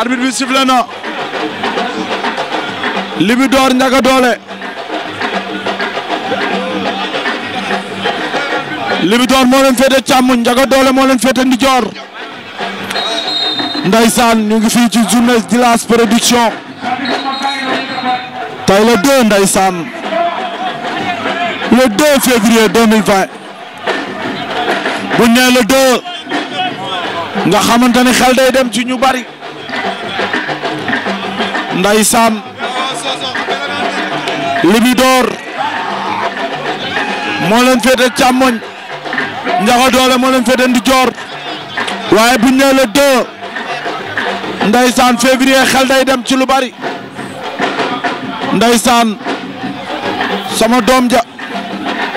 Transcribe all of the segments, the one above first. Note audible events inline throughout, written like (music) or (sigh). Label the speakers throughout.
Speaker 1: arbitre bi sifflé na Libidor Ndiaga Dollé Libidor moo leen féete càmmoñ Ndiaga Dollé moo leen féete ndijoor Ndeysaan ñu ngi fii ci journée Djilass Production tey le 2 Ndeysaan le 2 février 2020 bu ñu nee le nga xamante ni xel day dem ci ñu bari. Ndeysaan Libidor moo leen féete càmmoñ Ndiaga Dolé moo leen féete ndijoor waaye bu ñu nee le deux Ndeysaan day dem ci lu bari Ndeysaan sama doom ja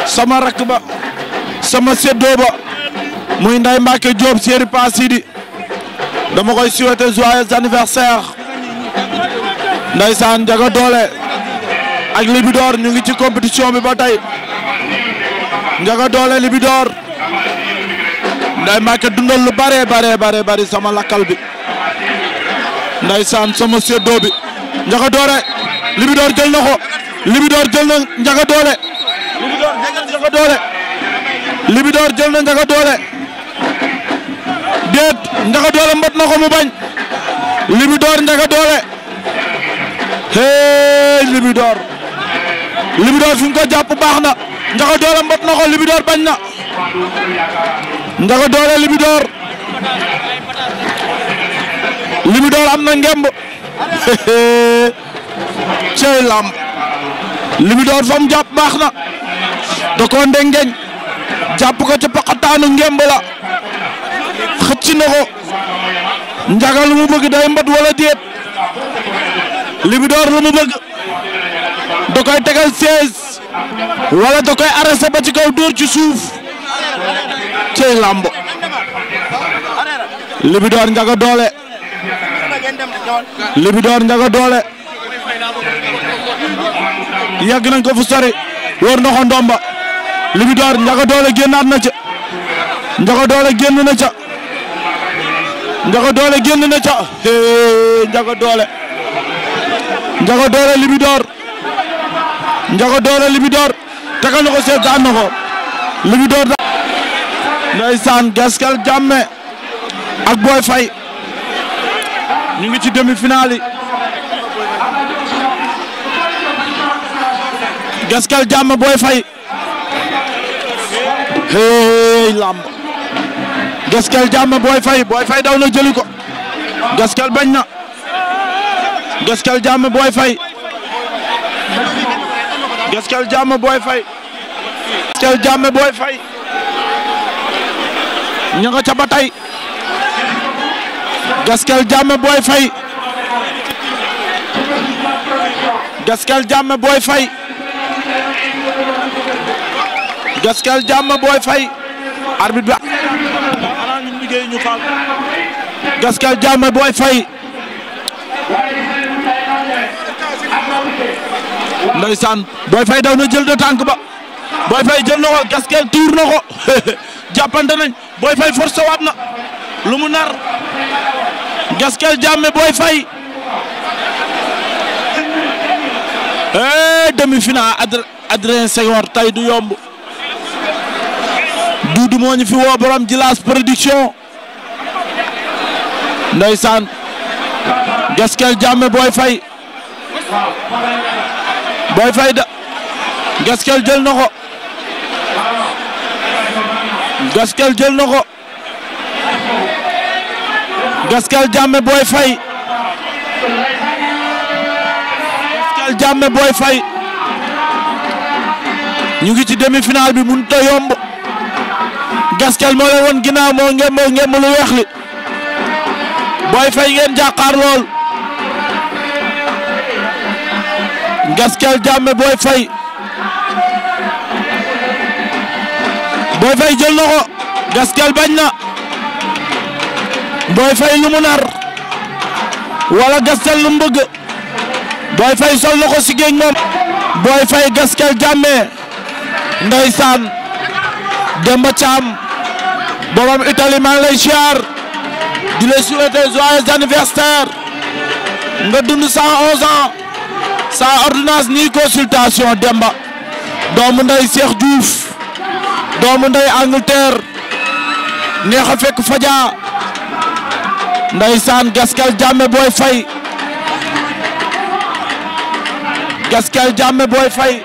Speaker 1: sama rakk ba sama séddoo ba muy Ndeye Mbacke Diop séeri Pa Sidi dama koy souhaiter joyeux anniversaire. Ndeysaan Ndiaga Dolé ak Libidor ñu ngi ci compétition bi ba tey Ndiaga Dolé Libidor nday Mbacke dundal lu bare bare bare bari sama lakkal bi Ndeysaan sama séddoo bi Ndiaga Dolé Libidor jël na ko Libidor jël na Ndiaga Dolé Libidor jël na Ndiaga Dolé Libidor jël na Ndiaga Dolé déet Ndiaga Dolé mbot na ko mu bañ Libidor Ndiaga Dolé hey Libidor Libidor fi ko jàpp baax na Ndiaga Dolé mbot na ko bañ na Ndiaga Dolé Libidor Libidor am na ngemb (laughs) cey lamb Libidor fa mu jàpp baax na da koo ndengeñ jàpp ko ca paqataanu ngemb la xëcc na ko lu mu bëgg day mbat wala déet Libidor lu mu bëgg da koy tegal 16 wala da koy arrêté ba ci kaw dóor ci suuf cey lamb Libidor njaga doole Libidor njaga doole yàgg nañ ko fu sori wër na ko ndomba Libidor njaga doole génnaat na ca njaga doole génn na ca njaga doole génn na ca njaga doole njago Dollé Libidor Ndiago Dollé Libidor tegal na ko seet daan na ko Libidor daan ndeysaan Gaskel Jamme ak Boy Faye ñu ngi ci demi-finale yi Gaskel Jamme Boy Faye hey lamb Gaskel Jamme Boy Faye Boy Faye na jëli ko Gaskel bañ na Gaskel jàmm Boy Faye Gaskel jàmm Boy Faye Gaskel jàmm Boy Faye ña nga ca ba tey Gaskel jàmm Boy Faye Gaskel jàmm Boy Faye Gaskel jàmm Boy Faye arbitre bi ndeysaan Boy Faye daw na jël na tànk ba Boy Faye jël na ko Gaskel tuur na ko (laughs) jàppante nañ Boy Faye forcé waat na lu mu nar Gaskel jàmme Boy Faye eh, demi-finale Adr Adrien Senghor tey du yomb Duudu moo ñu fi woo borom Jilaas production ndeysaan Gaskel jàmme Boy Faye Boy Faye da gaskel jël na ko gaskel jël na ko gaskel jàmme Boy Faye gaskel jàmme Boy Faye ñu ngi ci demi-finale bi mënut a yomb gaskel moo leen woon ginnaaw moo ngem moo lu weex li Boy Faye ngeen jàkkaar lool gaskel jàmme Boy Faye Boy Faye gaskel bañ na lu mu wala gaskel lu mu bëgg Boy si géej moom Boy gaskel jàmme ndeysaan Demba borom Italie maa ngi lay siyaar di la souhaiter joyeux ans sa ordonnance ni consultation Demba doomu nday Cheikh Diouf doomu nday Angleterre neex a fekk faja ndeysaan Gaskel Jamme Boy Faye Gaskel Jamme Boy Faye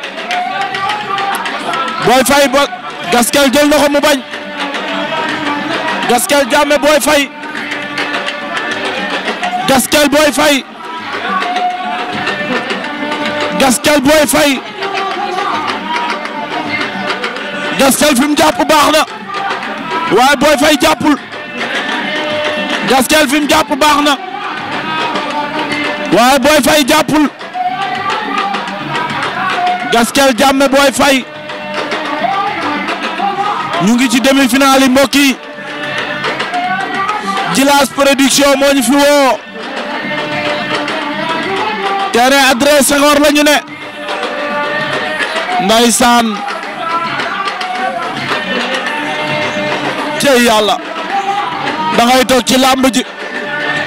Speaker 1: Boy Faye Gaskel jël na ko mu bañ Gaskel Jamme Boy Faye Gaskel Boy Faye Gaskel Boy Faye Gaskel fi jàpp baax na waaye Boy Faye jàppul Gaskel jàpp baax na waaye Boy Faye jàppul Gaskel jàmme Boy Faye ñu ngi ci demi-finale yi mbokk yi Djilass fi woo terrain Adrien Senghor la ñu ne ndaysaan cey yàlla dangay ngay ci làmb ji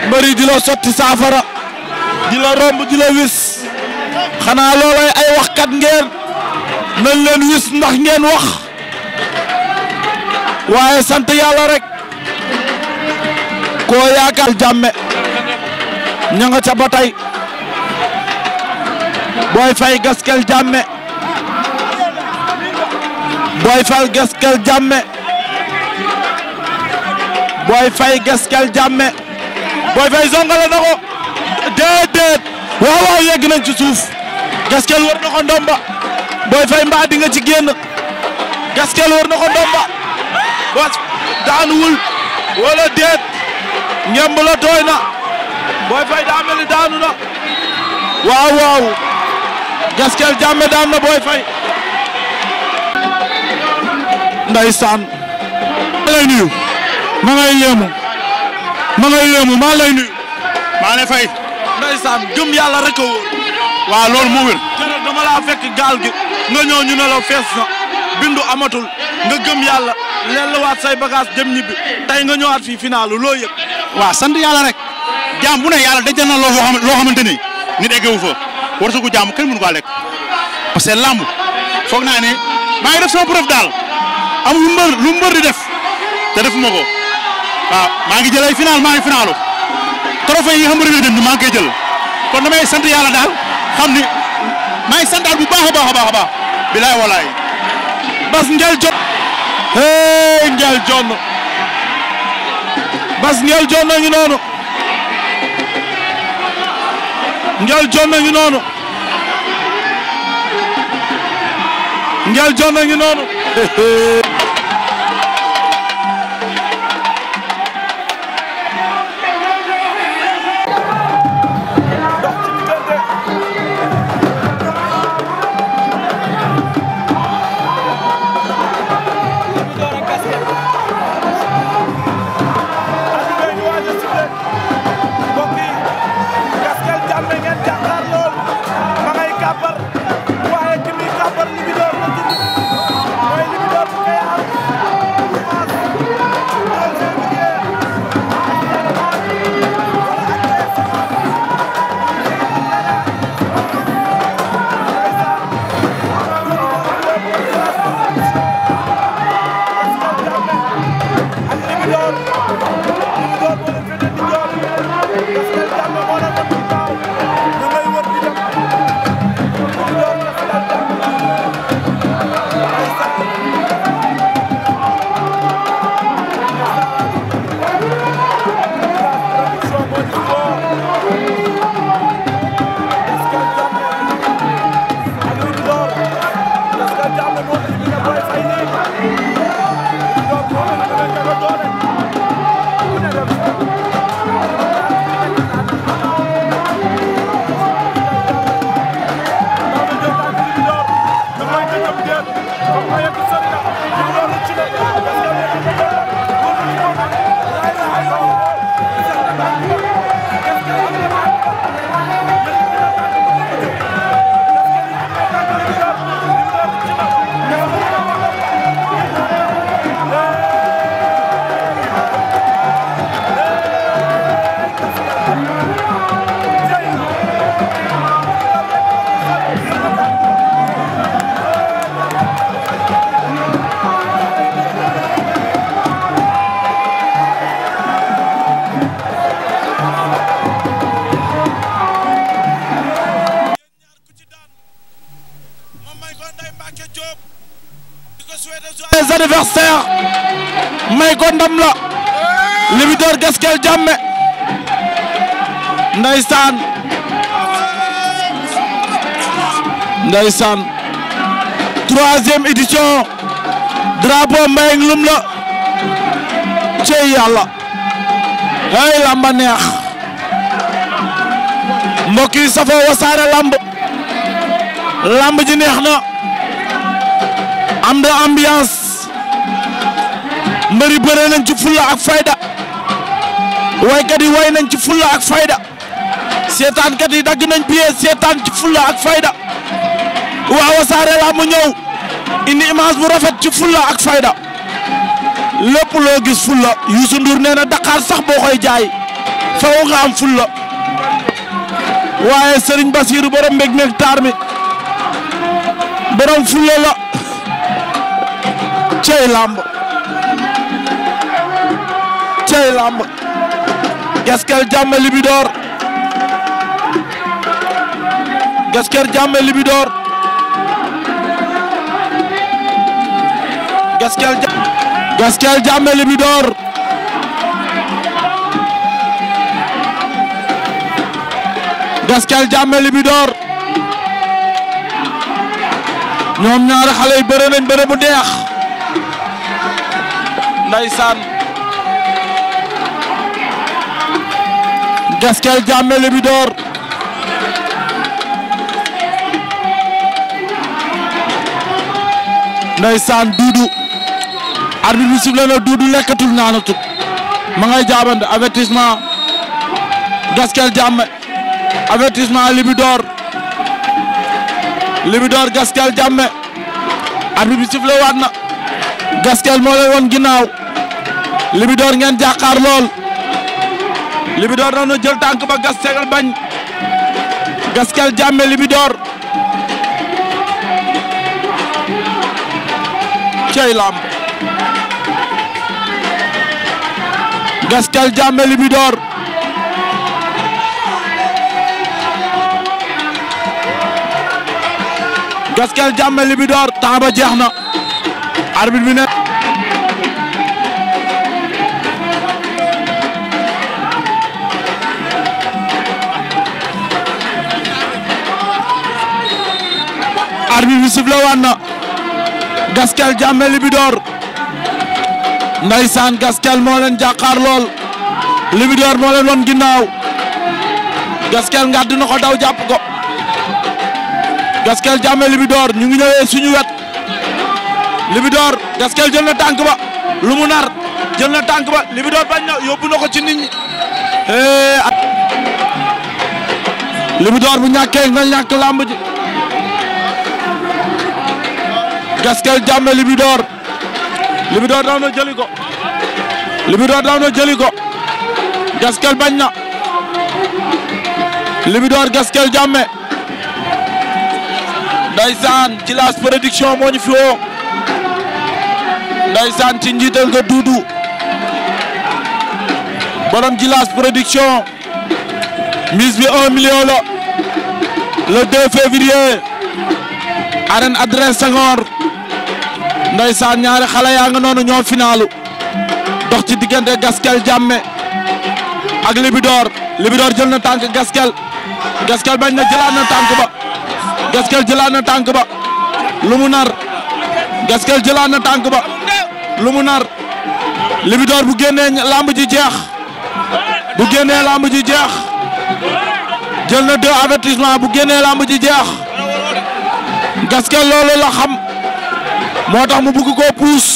Speaker 1: mbëri di la sotti saafara di la romb di la wis xanaa loolay ay waxkat ngeen nañ leen wis ndax ngeen wax waaye sant yàlla rek koo yaakaar jàmme ña nga ca ba Boy Faye Gaskel Jamme Boy Faye Gaskel Jamme Boy Faye Gaskel na ko déedéet waaw waaw yegg nañ ci suuf Gaskel war na ko ndomba Boy Faye mbaa di nga ci génn Gaskel na ko ndomba was daanuwul wala déet ngemb la tooy na Boy Faye daa daanu na waaw Gaskel Jammeh daan na Boy Faye ndeysaan maa lay nuyu ma ngay yéemu ma ngay lay nuyu maa lay fay ndeysaan gëm yàlla rek a loolu mu wér keroog dama fekk gaal gi nga ñëw ñu ne la fees na bindu amatul nga gëm yàlla leelluwaat say bagage dem ñibbi tey nga ñëwaat fii finaalu loo yëg waaw sant yàlla rek jaam bu ne yàlla dajal na loo loo ni nit eggewu fa warsugu jàmm kenn mënu ko lekk parce que làmb foog naa ne maa ngi def sama preuve daal amul lu mbër lu mbër di def te defuma maa ngi jël ay final maa ngi finalu trophée yi nga xam dem maa ngi jël kon damay sant yàlla daal xam ni maa ngi santaat bu baax a baax a baax a baax bilaay walaay bas ngel jot hey ngel noonu Ngel Jonn ngi noonu Ngel Jonn ngi noonu (laughs) anniversaire may ko ndam la Libidor Gaskel Jamme ndeysaan ndeysaan troisième édition drapeau mbayang lum la cey yàlla ay lamba neex mbokk safoo wasaare lamb lamb ji neex na am na ambiance mbëri bëre nañ ci fulla ak fayda waykat yi way nañ ci fulla ak fayda seetaankat yi dagg nañ biee seetaan ci fulla ak fayda waa Wassare Lamb ñëw indi bu rafet ci fulla ak fayda lépp loo gis fulla Youssou Ndour nee na sax boo koy jaay faw nga am fulla waaye Serigne Bassirou borom mbég meeg mi borom fulla la cey làmb ay lamb Gaskel Jamme Libidor Gaskel Jamme Libidor Gaskel Jamme Gaskel Jamme Libidor Gaskel Jamme Libidor ñoom ñaari xale yi bëre nañ bëre bu deex ndeysaan Gaskel Diamé Libidor ndeysaan Duudu arbitre bi sifflé na Duudu lekkatul naanatul ma ngay jaabante avertissement Gaskel Diamé avertissement Libidor Libidor Gaskel Diamé arbitre bi sifflé waat na Gaskel moo lay woon ginnaaw Libidor ngeen jàkkaar lool Libidor noonu jël tànk ba Gaskel bañ Gaskel jàmme Libidor cey lamb Gaskel jàmme Libidor Gaskel jàmme Libidor temps ba jeex na arbitre bi ne arbitre bi sifflé waan na gaskel jàmme libidoor ndaysaan gaskel moo leen lool libidoor moo leen won ginnaaw gaskel ngàdd daw jàpp ko gaskel jàmme libidoor ñu ngi ñëwee suñu wet libidoor gaskel jël na tànk ba lu mu na tànk ba libidoor bañ na yóbbu na ko ci nit ñi libidoor bu ñàkkee nga ñàkk làmb ji Gaskel Jammeh Libidor Libidor daw na jëli ko Libidor na jëli ko Gaskel bañ na Libidor Gaskel Jammeh ndaysaan ci fi woo ndaysaan ci njiital nga borom Djilass Production mise un million la le 2 février arène Adrien Senghor ndeysaan ñaari xale yaa nga noonu ñoo finaalu dox ci diggante gaskel jàmme ak libidoor libidoor jël na tànk gaskel gaskel bañ na jëlaat na tànk ba gaskel jëlaat na tànk ba lu mu nar gaskel jëlaat na tànk ba lu mu nar libidoor bu génnee lamb ji jeex bu génnee lamb ji jeex jël na deux avertissement bu génnee lamb ji jeex gaskel loolu la xam moo tax mu bugg koo puus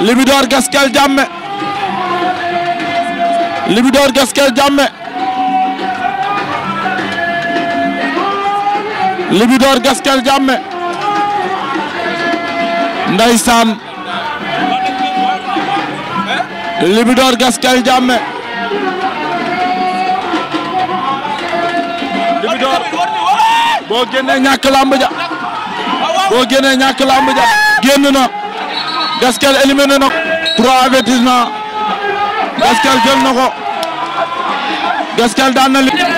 Speaker 1: Libidor Gaskel Jammeh Libidor Gaskel Jammeh Libidor Gaskel Jammeh ndeysaan Libidor Gaskel Jammeh Libidor boo génnee ñàkk làmb ja boo génnee ñàkk làmb ja génn na Gaskel éliminé na trois avertissement Gaskel jël na ko Gaskel daan